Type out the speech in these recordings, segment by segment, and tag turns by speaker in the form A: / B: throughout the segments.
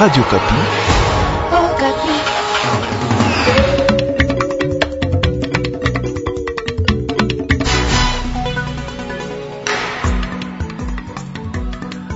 A: Radio Kapi. Oh,
B: Kapi.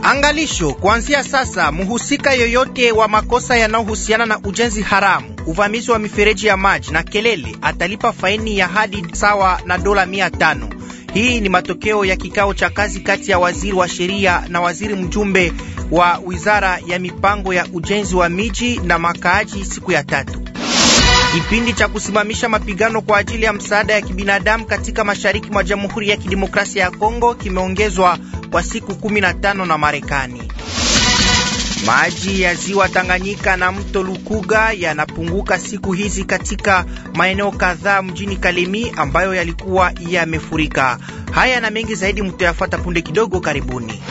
C: Angalisho, kuanzia sasa muhusika yoyote wa makosa yanayohusiana na ujenzi haramu, uvamizi wa mifereji ya maji na kelele atalipa faini ya hadi sawa na dola mia tano. Hii ni matokeo ya kikao cha kazi kati ya waziri wa sheria na waziri mjumbe wa wizara ya mipango ya ujenzi wa miji na makaaji siku ya tatu. Kipindi cha kusimamisha mapigano kwa ajili ya msaada ya kibinadamu katika mashariki mwa Jamhuri ya Kidemokrasia ya Kongo kimeongezwa kwa siku 15 na Marekani. Maji ya ziwa Tanganyika na mto Lukuga yanapunguka siku hizi katika maeneo kadhaa mjini Kalemi ambayo yalikuwa yamefurika. Haya na mengi zaidi mtayafuata punde kidogo, karibuni.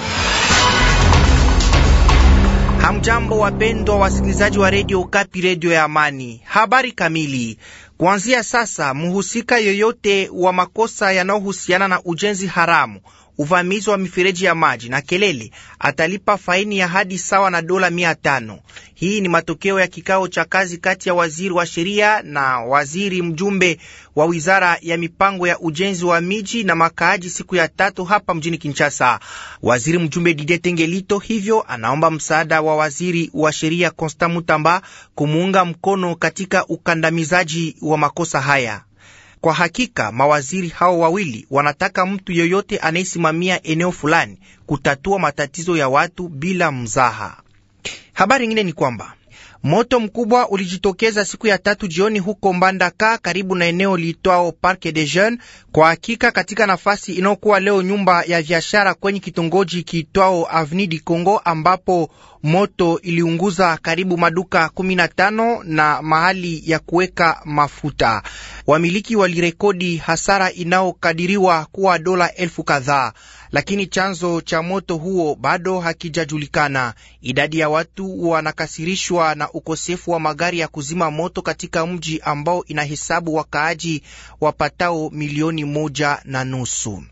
C: Hamjambo wapendwa wasikilizaji wa redio Kapi, redio ya Amani. Habari kamili kuanzia sasa. Mhusika yoyote wa makosa yanayohusiana na ujenzi haramu uvamizi wa mifereji ya maji na kelele atalipa faini ya hadi sawa na dola mia tano. Hii ni matokeo ya kikao cha kazi kati ya waziri wa sheria na waziri mjumbe wa wizara ya mipango ya ujenzi wa miji na makaaji siku ya tatu hapa mjini Kinshasa. Waziri mjumbe dide Tengelito hivyo anaomba msaada wa waziri wa sheria Constant Mutamba kumuunga mkono katika ukandamizaji wa makosa haya. Kwa hakika mawaziri hao wawili wanataka mtu yoyote anayesimamia eneo fulani kutatua matatizo ya watu bila mzaha. Habari ingine ni kwamba Moto mkubwa ulijitokeza siku ya tatu jioni huko Mbandaka, karibu na eneo liitwao Parke de Jeune, kwa hakika katika nafasi inayokuwa leo nyumba ya biashara kwenye kitongoji kiitwao Avni di Congo, ambapo moto iliunguza karibu maduka 15 na mahali ya kuweka mafuta. Wamiliki walirekodi hasara inayokadiriwa kuwa dola elfu kadhaa lakini chanzo cha moto huo bado hakijajulikana. Idadi ya watu wanakasirishwa na ukosefu wa magari ya kuzima moto katika mji ambao inahesabu wakaaji wapatao milioni moja na nusu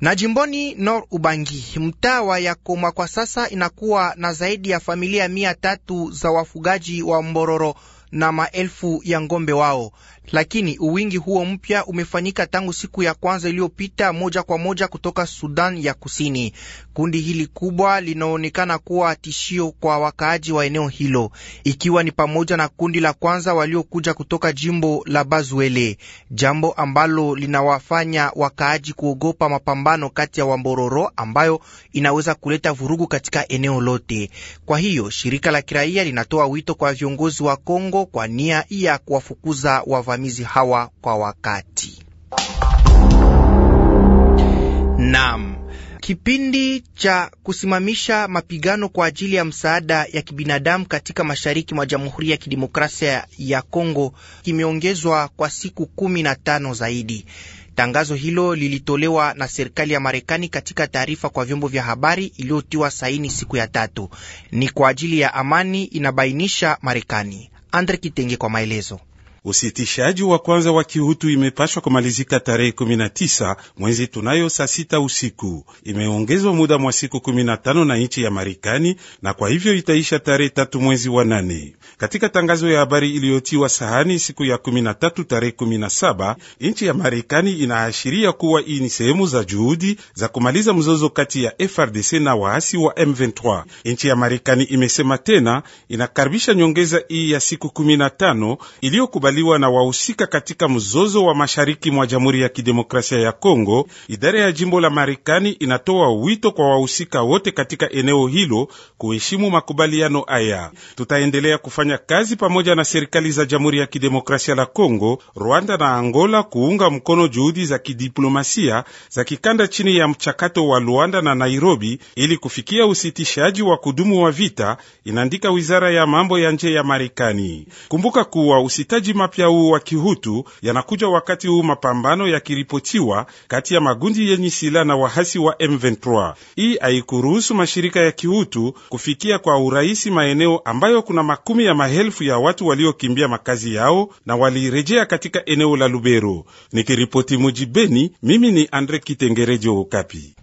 C: na jimboni Nor Ubangi, mtaa wa Yakoma kwa sasa inakuwa na zaidi ya familia mia tatu za wafugaji wa Mbororo na maelfu ya ng'ombe wao, lakini uwingi huo mpya umefanyika tangu siku ya kwanza iliyopita, moja kwa moja kutoka Sudan ya Kusini. Kundi hili kubwa linaonekana kuwa tishio kwa wakaaji wa eneo hilo, ikiwa ni pamoja na kundi la kwanza waliokuja kutoka jimbo la Bazuele, jambo ambalo linawafanya wakaaji kuogopa mapambano kati ya Wambororo ambayo inaweza kuleta vurugu katika eneo lote. Kwa hiyo shirika la kiraia linatoa wito kwa viongozi wa Kongo kwa nia ya kuwafukuza wa wavamizi hawa kwa wakati. Nam, Kipindi cha kusimamisha mapigano kwa ajili ya msaada ya kibinadamu katika mashariki mwa Jamhuri ya Kidemokrasia ya Kongo kimeongezwa kwa siku kumi na tano zaidi. Tangazo hilo lilitolewa na serikali ya Marekani katika taarifa kwa vyombo vya habari iliyotiwa saini siku ya tatu. Ni kwa ajili ya amani, inabainisha Marekani. Andre Kitenge kwa maelezo.
D: Usitishaji wa kwanza wa kihutu imepashwa kumalizika tarehe 19 mwezi tunayo saa sita usiku. Imeongezwa muda mwa siku 15 na nchi ya Marekani, na kwa hivyo itaisha tarehe tatu mwezi wa nane. Katika tangazo ya habari iliyotiwa sahani siku ya 13 tarehe 17, nchi ya Marekani inaashiria kuwa hii ni sehemu za juhudi za kumaliza mzozo kati ya FRDC na waasi wa M23. Nchi ya Marekani imesema tena inakaribisha nyongeza hii ya siku 15 iliyo kukubaliwa na wahusika katika mzozo wa mashariki mwa Jamhuri ya Kidemokrasia ya Kongo, idara ya jimbo la Marekani inatoa wito kwa wahusika wote katika eneo hilo kuheshimu makubaliano haya. Tutaendelea kufanya kazi pamoja na serikali za Jamhuri ya Kidemokrasia la Kongo, Rwanda na Angola kuunga mkono juhudi za kidiplomasia za kikanda chini ya mchakato wa Luanda na Nairobi ili kufikia usitishaji wa kudumu wa vita, inaandika wizara ya mambo ya nje ya Marekani. Kumbuka kuwa usitaji mapya huu wa kihutu yanakuja wakati huu mapambano yakiripotiwa kati ya magundi yenye sila na wahasi wa M23. Hii haikuruhusu mashirika ya kihutu kufikia kwa urahisi maeneo ambayo kuna makumi ya maelfu ya watu waliokimbia makazi yao na walirejea katika eneo la Lubero. Nikiripoti mujibeni, mimi ni Andre Kitengerejo Okapi.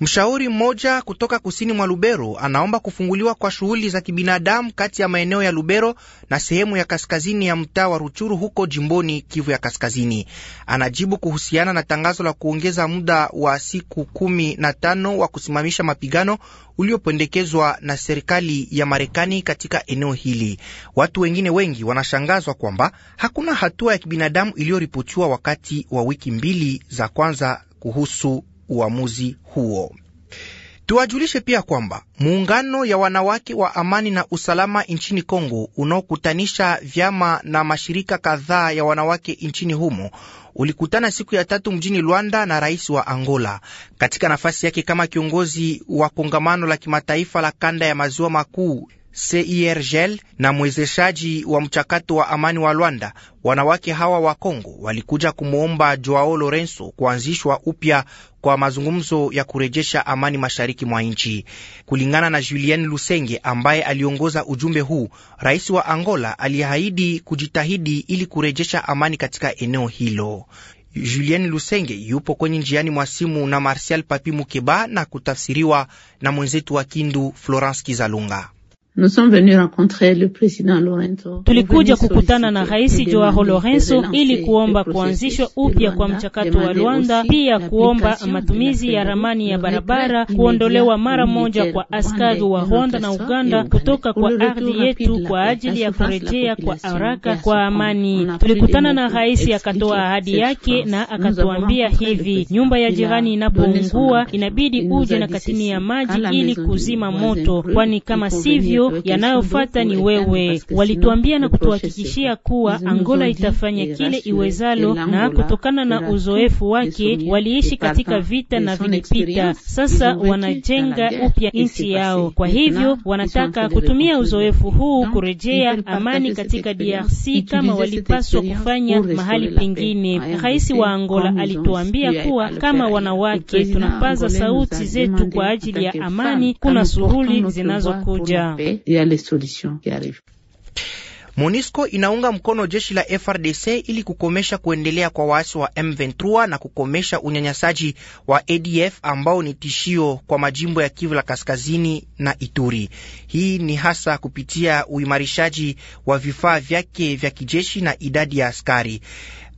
C: Mshauri mmoja kutoka kusini mwa Lubero anaomba kufunguliwa kwa shughuli za kibinadamu kati ya maeneo ya Lubero na sehemu ya kaskazini ya mtaa wa Ruchuru huko jimboni Kivu ya Kaskazini. Anajibu kuhusiana na tangazo la kuongeza muda wa siku kumi na tano wa kusimamisha mapigano uliopendekezwa na serikali ya Marekani katika eneo hili. Watu wengine wengi wanashangazwa kwamba hakuna hatua ya kibinadamu iliyoripotiwa wakati wa wiki mbili za kwanza kuhusu uamuzi huo. Tuwajulishe pia kwamba muungano ya wanawake wa amani na usalama nchini Kongo unaokutanisha vyama na mashirika kadhaa ya wanawake nchini humo ulikutana siku ya tatu mjini Luanda na rais wa Angola katika nafasi yake kama kiongozi wa kongamano la kimataifa la kanda ya maziwa makuu CIRGL na mwezeshaji wa mchakato wa amani wa Rwanda, wanawake hawa wa Kongo walikuja kumwomba Joao Lorenso kuanzishwa upya kwa mazungumzo ya kurejesha amani mashariki mwa nchi. Kulingana na Julien Lusenge ambaye aliongoza ujumbe huu, rais wa Angola aliahidi kujitahidi ili kurejesha amani katika eneo hilo. Julien Lusenge yupo kwenye njiani mwa simu na Martial Papi Mukeba na kutafsiriwa na mwenzetu wa Kindu Florence Kizalunga.
B: Tulikuja kukutana na Rais Joao Lorenzo ili kuomba kuanzishwa upya kwa mchakato wa Luanda, pia kuomba matumizi ya ramani ya barabara, kuondolewa mara moja kwa askari wa Rwanda na Uganda kutoka kwa ardhi yetu kwa ajili ya kurejea kwa haraka kwa amani. Tulikutana na rais akatoa ahadi yake na akatuambia hivi: nyumba ya jirani inapoungua inabidi uje na katini ya maji ili kuzima moto, kwani kama sivyo yanayofata yanayofuata ni wewe. Walituambia na kutuhakikishia kuwa Angola itafanya kile iwezalo, na kutokana na uzoefu wake waliishi katika vita na vilipita. Sasa wanajenga upya nchi yao, kwa hivyo wanataka kutumia uzoefu huu kurejea amani katika DRC kama walipaswa kufanya mahali pengine. Rais wa Angola alituambia kuwa kama wanawake tunapaza sauti zetu kwa ajili ya amani, kuna shughuli zinazokuja yale yale solution yarive.
C: MONUSCO inaunga mkono jeshi la FRDC ili kukomesha kuendelea kwa waasi wa M23 na kukomesha unyanyasaji wa ADF ambao ni tishio kwa majimbo ya Kivu la Kaskazini na Ituri. Hii ni hasa kupitia uimarishaji wa vifaa vyake vya kijeshi na idadi ya askari.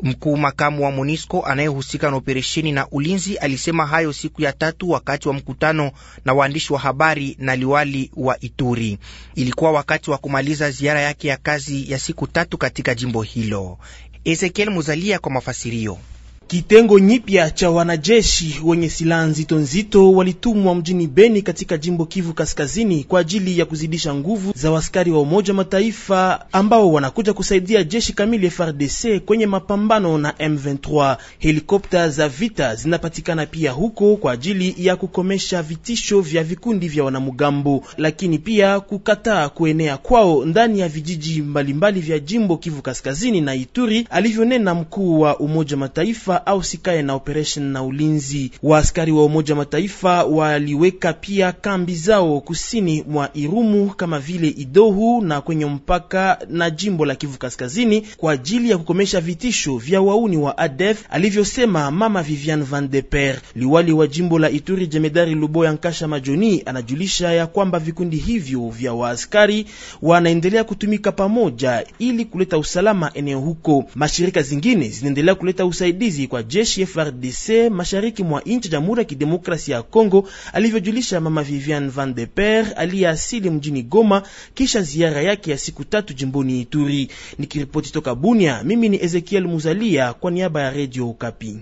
C: Mkuu makamu wa MONUSCO anayehusika na operesheni na ulinzi alisema hayo siku ya tatu wakati wa mkutano na waandishi wa habari na liwali wa Ituri. Ilikuwa wakati wa kumaliza ziara yake ya kazi ya siku tatu katika jimbo hilo. Ezekiel Muzalia kwa mafasirio. Kitengo nyipya cha wanajeshi
E: wenye silaha nzito nzito walitumwa mjini Beni katika jimbo Kivu Kaskazini kwa ajili ya kuzidisha nguvu za waskari wa Umoja Mataifa ambao wanakuja kusaidia jeshi kamili FRDC kwenye mapambano na M23. Helikopta za vita zinapatikana pia huko kwa ajili ya kukomesha vitisho vya vikundi vya wanamugambo lakini pia kukataa kuenea kwao ndani ya vijiji mbalimbali mbali vya jimbo Kivu Kaskazini na Ituri, alivyonena mkuu wa Umoja Mataifa au sikae na operation na ulinzi. Waaskari wa Umoja wa Mataifa waliweka pia kambi zao kusini mwa Irumu kama vile Idohu na kwenye mpaka na jimbo la Kivu Kaskazini kwa ajili ya kukomesha vitisho vya wauni wa ADF, alivyosema Mama Vivian Van de Per. Liwali wa jimbo la Ituri Jemedari Luboya Nkasha Majoni anajulisha ya kwamba vikundi hivyo vya waaskari wanaendelea kutumika pamoja ili kuleta usalama eneo huko. Mashirika zingine zinaendelea kuleta usaidizi kwa jeshi FRDC mashariki mwa nchi Jamhuri ya Kidemokrasia ya Kongo, alivyojulisha Mama Vivian Van de Per aliyeasili mjini Goma kisha ziara yake ya siku tatu jimboni Ituri. Nikiripoti toka Bunia, mimi ni Ezekiel Muzalia kwa niaba ya Radio Okapi.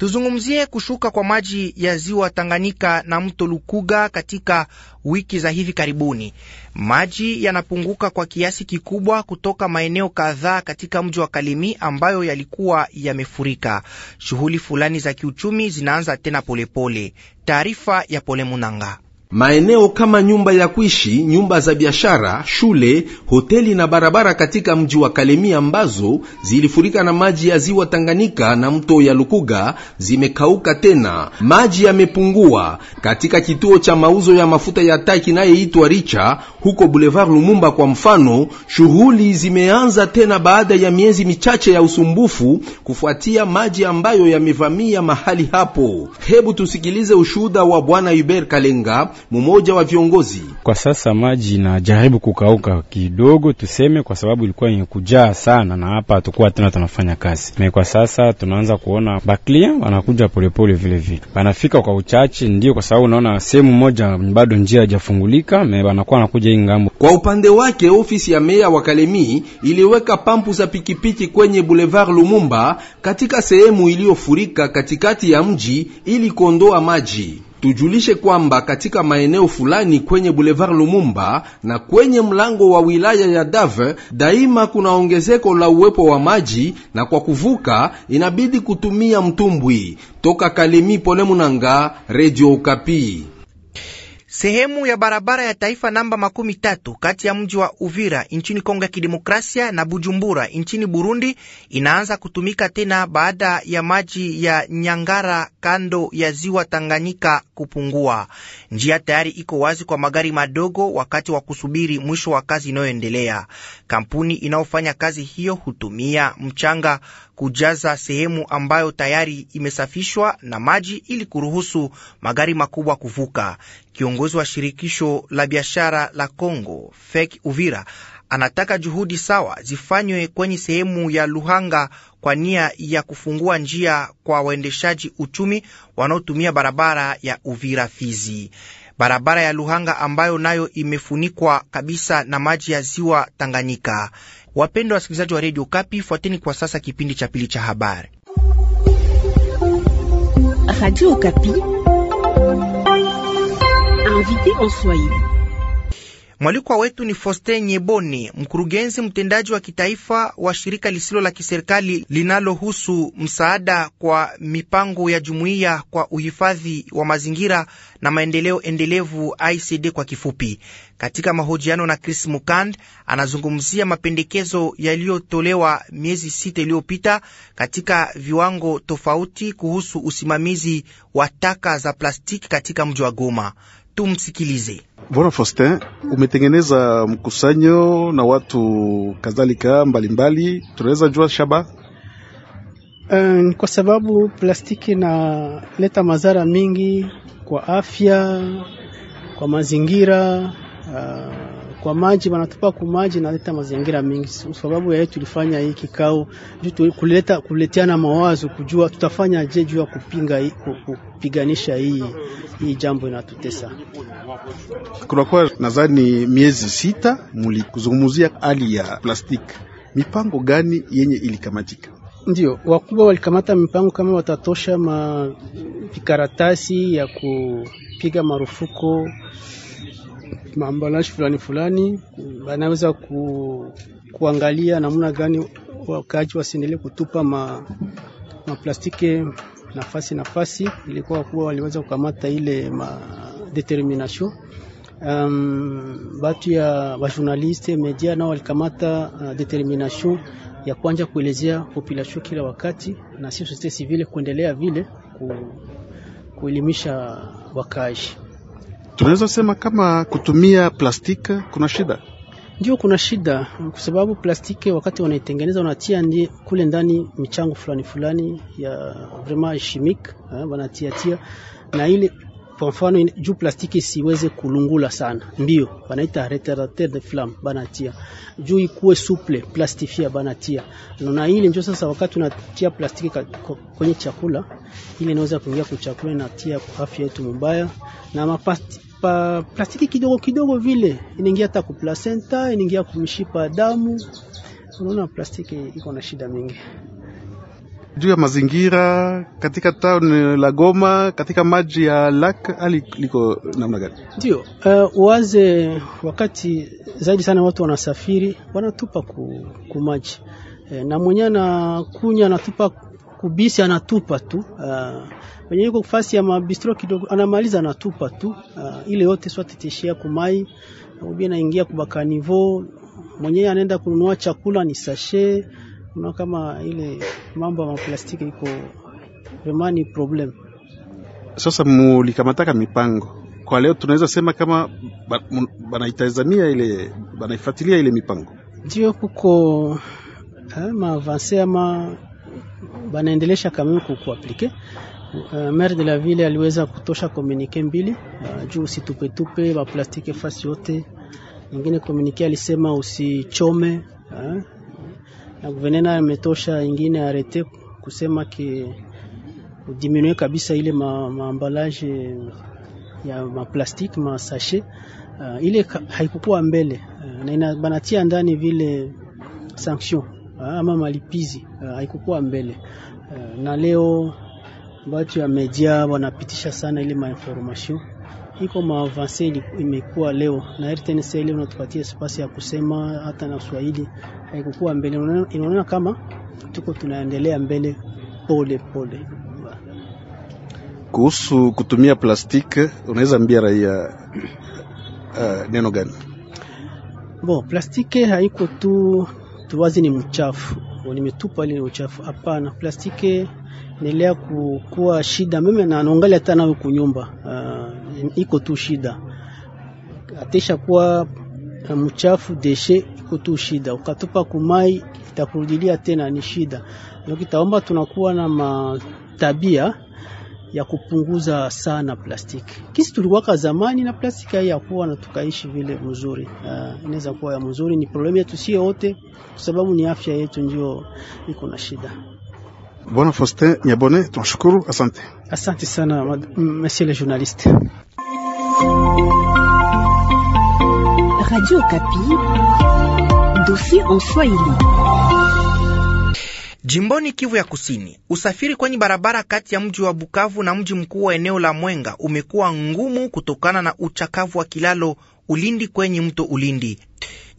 C: Tuzungumzie kushuka kwa maji ya ziwa Tanganyika na mto Lukuga katika wiki za hivi karibuni. Maji yanapunguka kwa kiasi kikubwa kutoka maeneo kadhaa katika mji wa Kalemi ambayo yalikuwa yamefurika. Shughuli fulani za kiuchumi zinaanza tena polepole. Taarifa ya Pole Munanga.
F: Maeneo kama nyumba ya kuishi, nyumba za biashara, shule, hoteli na barabara katika mji wa Kalemie ambazo zilifurika na maji ya ziwa Tanganyika na mto ya Lukuga zimekauka tena, maji yamepungua. Katika kituo cha mauzo ya mafuta ya taa kinayeitwa Richa huko Boulevard Lumumba kwa mfano, shughuli zimeanza tena baada ya miezi michache ya usumbufu kufuatia maji ambayo yamevamia mahali hapo. Hebu tusikilize ushuhuda wa Bwana Hubert Kalenga mmoja wa viongozi.
G: Kwa sasa maji inajaribu kukauka kidogo, tuseme, kwa sababu ilikuwa yenye kujaa sana, na hapa hatukuwa tena tunafanya kazi na kwa sasa tunaanza kuona baklia wanakuja polepole, vile vile banafika kwa uchache, ndio kwa sababu unaona sehemu moja bado njia haijafungulika, me wanakuwa wanakuja hii ngambo. Kwa upande wake ofisi ya meya
F: wa Kalemi iliweka pampu za pikipiki kwenye Boulevard Lumumba katika sehemu iliyofurika katikati ya mji ili kuondoa maji. Tujulishe kwamba katika maeneo fulani kwenye Boulevard Lumumba na kwenye mlango wa wilaya ya Dave daima kuna ongezeko la uwepo wa maji, na kwa kuvuka inabidi kutumia mtumbwi. Toka Kalemi, Pole Munanga, Radio Okapi
C: sehemu ya barabara ya taifa namba makumi tatu kati ya mji wa Uvira nchini Kongo ya Kidemokrasia na Bujumbura nchini Burundi inaanza kutumika tena baada ya maji ya Nyangara kando ya ziwa Tanganyika kupungua. Njia tayari iko wazi kwa magari madogo wakati wa kusubiri mwisho wa kazi inayoendelea. Kampuni inayofanya kazi hiyo hutumia mchanga kujaza sehemu ambayo tayari imesafishwa na maji ili kuruhusu magari makubwa kuvuka. Kiongozi wa shirikisho la biashara la congo fek Uvira anataka juhudi sawa zifanywe kwenye sehemu ya Luhanga kwa nia ya kufungua njia kwa waendeshaji uchumi wanaotumia barabara ya Uvira Fizi. Barabara ya Luhanga ambayo nayo imefunikwa kabisa na maji ya ziwa Tanganyika. Wapendwa wasikilizaji wa redio Kapi, fuateni kwa sasa kipindi cha pili cha habari.
B: Radio Kapi
E: invité
C: en Swahili Mwalikwa wetu ni Foste Nyeboni, mkurugenzi mtendaji wa kitaifa wa shirika lisilo la kiserikali linalohusu msaada kwa mipango ya jumuiya kwa uhifadhi wa mazingira na maendeleo endelevu, ICD kwa kifupi. Katika mahojiano na Chris Mukand, anazungumzia mapendekezo yaliyotolewa miezi sita iliyopita katika viwango tofauti kuhusu usimamizi wa taka za plastiki katika mji wa Goma. Tumsikilize.
A: Bwana Faustin, umetengeneza mkusanyo na watu kadhalika mbalimbali, tunaweza jua shaba
H: um, kwa sababu plastiki inaleta madhara mingi kwa afya, kwa mazingira uh, kwa maji, wanatupa ku maji, naleta mazingira mengi. Sababu yeye tulifanya hii kikao juu kuleta kuleteana mawazo, kujua tutafanya je juu ya kupinga kupiganisha hii hii jambo inatutesa.
A: Kunakuwa nadhani miezi sita mlikuzungumzia hali ya plastiki, mipango gani yenye ilikamatika?
H: Ndio, wakubwa walikamata mipango kama watatosha ma vikaratasi ya kupiga marufuku maambalashi fulani fulani, banaweza ku, kuangalia namna gani wakaaji wasiendelee kutupa ma, maplastike nafasi nafasi, ilikuwa kuwa waliweza kukamata ile ma determination Um, batu ya bajournaliste media nao walikamata uh, determination ya kwanja kuelezea population kila wakati, na sisi societe civile kuendelea vile ku, kuelimisha wakaaji
A: tunaweza sema kama kutumia plastiki kuna shida.
H: Ndio, kuna shida kwa sababu plastiki wakati wanaitengeneza wanatia ndi, kule ndani michango fulani fulani ya vraiment chimique eh, wanatia tia na ile kwa mfano juu plastiki siweze kulungula sana, mbio banaita retardateur de flamme banatia juu ikuwe souple plastifia banatia na ile ndio sasa, wakati unatia plastiki kwenye chakula ile inaweza kuingia kwa chakula inatia kwa afya yetu mbaya na mapati pa plastiki kidogo kidogo vile inaingia hata ku placenta, inaingia kumshipa damu. Unaona plastiki iko na shida mingi
A: juu ya mazingira katika town la Goma, katika maji ya lak hali liko
H: namna gani? Ndio uh, waze wakati zaidi sana watu wanasafiri wanatupa ku, ku maji e, na mwenye na kunya anatupa kubisi anatupa tu uh, wenye yuko fasi ya mabistro kidogo, anamaliza anatupa tu uh, ile yote, swati tishia kumai ubi naingia kubaka nivo mwenyewe anaenda kununua chakula ni sashe, una kama ile mambo ya maplastiki iko remani problem.
A: Sasa mulikamataka mipango kwa leo, tunaweza sema kama banaitazamia ile banaifuatilia ile mipango,
H: ndio kuko eh, maavanse ama banaendelesha kamwe kuaplike. Uh, maire de la ville aliweza kutosha communique mbili uh, juu usitupetupe plastique fasi yote. Ingine komunike alisema usichome uh, na guvernena ametosha ingine arete kusema ke udiminue kabisa ile ma, ma ya ma sachet uh, ile haikukuwa mbele uh, na banatia ndani vile sanction Ah, ama malipizi eh, haikukuwa mbele, eh, na leo batu ya media wanapitisha sana ile mainformation iko maavanse imekuwa leo na RTNC leo natupatia spasi ya kusema hata na Kiswahili haikukuwa mbele. Inaonekana kama tuko tunaendelea mbele pole pole.
A: Kuhusu kutumia plastike unaweza ambia raia uh, neno gani?
H: bon plastike haiko tu tuwazi ni mchafu nimetupa ile uchafu. Hapana, plastiki nilea kukuwa shida mimi na naangalia hata nayo kunyumba uh, ah, iko tu shida atesha kuwa mchafu deshe iko tu shida, ukatupa kumai itakurudilia tena, ni shida. Ndio kitaomba tunakuwa na matabia ya kupunguza sana plastiki. Kisi tuliwaka zamani na plastiki hai yakuwa na tukaishi vile mzuri. Uh, inaweza kuwa ya mzuri, ni problemu yetu sie wote, kwa sababu ni afya yetu ndio iko na shida. Bwana Faustin Nyabone, tunashukuru, asante. Asante sana monsieur le journaliste.
C: Radio Kapi, dossier en Swahili. Jimboni Kivu ya Kusini, usafiri kwenye barabara kati ya mji wa Bukavu na mji mkuu wa eneo la Mwenga umekuwa ngumu kutokana na uchakavu wa kilalo Ulindi kwenye mto Ulindi.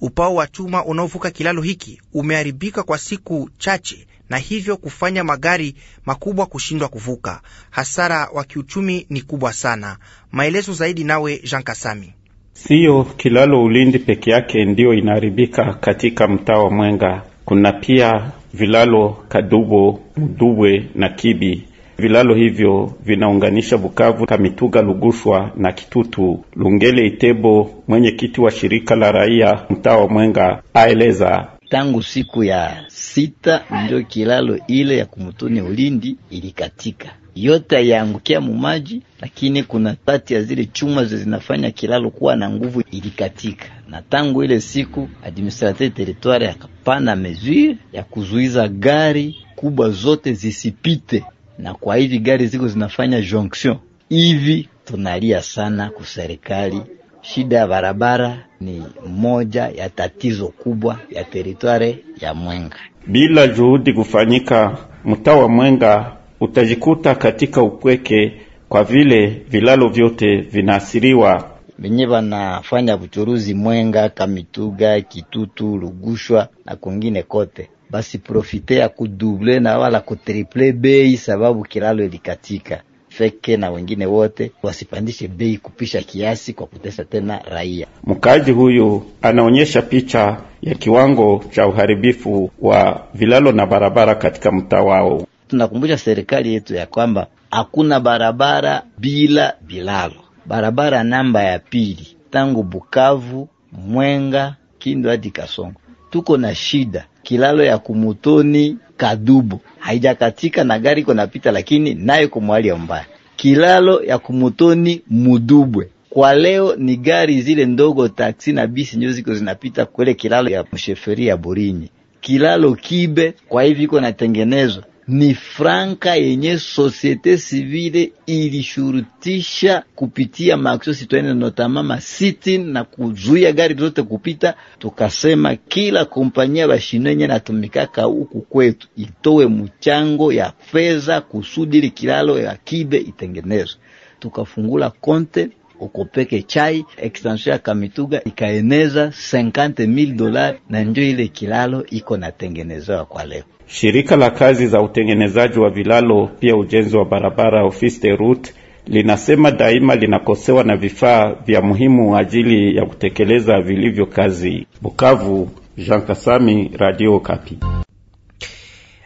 C: Upao wa chuma unaovuka kilalo hiki umeharibika kwa siku chache, na hivyo kufanya magari makubwa kushindwa kuvuka. Hasara wa kiuchumi ni kubwa sana. Maelezo zaidi nawe Jean Kasami.
G: Siyo kilalo Ulindi peke yake ndiyo inaharibika katika mtaa wa Mwenga, kuna pia vilalo Kadubo, Mdubwe na Kibi. Vilalo hivyo vinaunganisha Bukavu, Kamituga, Lugushwa na Kitutu. Lungele Itebo, mwenyekiti wa shirika la raia mtaa wa Mwenga, aeleza tangu siku ya sita ndio kilalo ile ya kumutuni Ulindi
I: ilikatika yote ayaangukia mumaji, lakini kuna tati ya zile chuma zinafanya kilalo kuwa na nguvu ilikatika, na tangu ile siku administrateur territoire akapana mesure ya kuzuiza gari kubwa zote zisipite, na kwa hivi gari ziko zinafanya jonction hivi. Tunalia sana kuserikali, shida ya barabara ni moja ya tatizo kubwa ya teritware
G: ya Mwenga. Bila juhudi kufanyika, mtaa wa Mwenga utajikuta katika upweke, kwa vile vilalo vyote vinaathiriwa. Venye vanafanya vuchuruzi Mwenga, Kamituga, Kitutu, Lugushwa
I: na kwengine kote basi profite ya kuduble na wala kutriple bei, sababu kilalo ilikatika. Feke na wengine wote wasipandishe bei kupisha kiasi, kwa kutesa tena raia.
G: Mkaaji huyu anaonyesha picha ya kiwango cha uharibifu wa vilalo na barabara katika mtaa wao tunakumbusha
I: serikali yetu ya kwamba hakuna barabara bila bilalo. Barabara namba ya pili tangu Bukavu, Mwenga, Kindu hadi Kasongo, tuko na shida. Kilalo ya Kumutoni Kadubo haijakatika na gari iko napita, lakini nayo kumwali ya mbaya. Kilalo ya Kumutoni Mudubwe kwa leo ni gari zile ndogo taksi na bisi ndio ziko zinapita kwele kilalo ya msheferi ya Burinyi. Kilalo Kibe kwa hivi iko natengenezwa ni franka yenye sosiete sivile ilishurutisha kupitia maaksio sitwene notama masiti na kuzuia gari zote kupita. Tukasema kila kompanyia bashinenye natumikaka huku kwetu itowe mchango ya fedha kusudili kilalo ya kibe itengenezwe. Tukafungula konte ukopeke chai extension ya Kamituga ikaeneza 50 mil dolari na njo ile kilalo iko natengenezewa kwa leo.
G: Shirika la kazi za utengenezaji wa vilalo pia ujenzi wa barabara ofisi de route linasema daima linakosewa na vifaa vya muhimu ajili ya kutekeleza vilivyo kazi. Bukavu, Jean Kasami, Radio Kapi.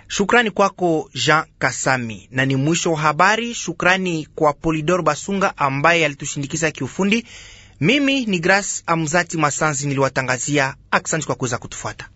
C: Shukrani kwako Jean Kasami, na ni mwisho wa habari. Shukrani kwa Polidor Basunga ambaye alitushindikiza kiufundi. Mimi ni Grace Amzati Masanzi niliwatangazia. Aksanti kwa kuweza kutufuata.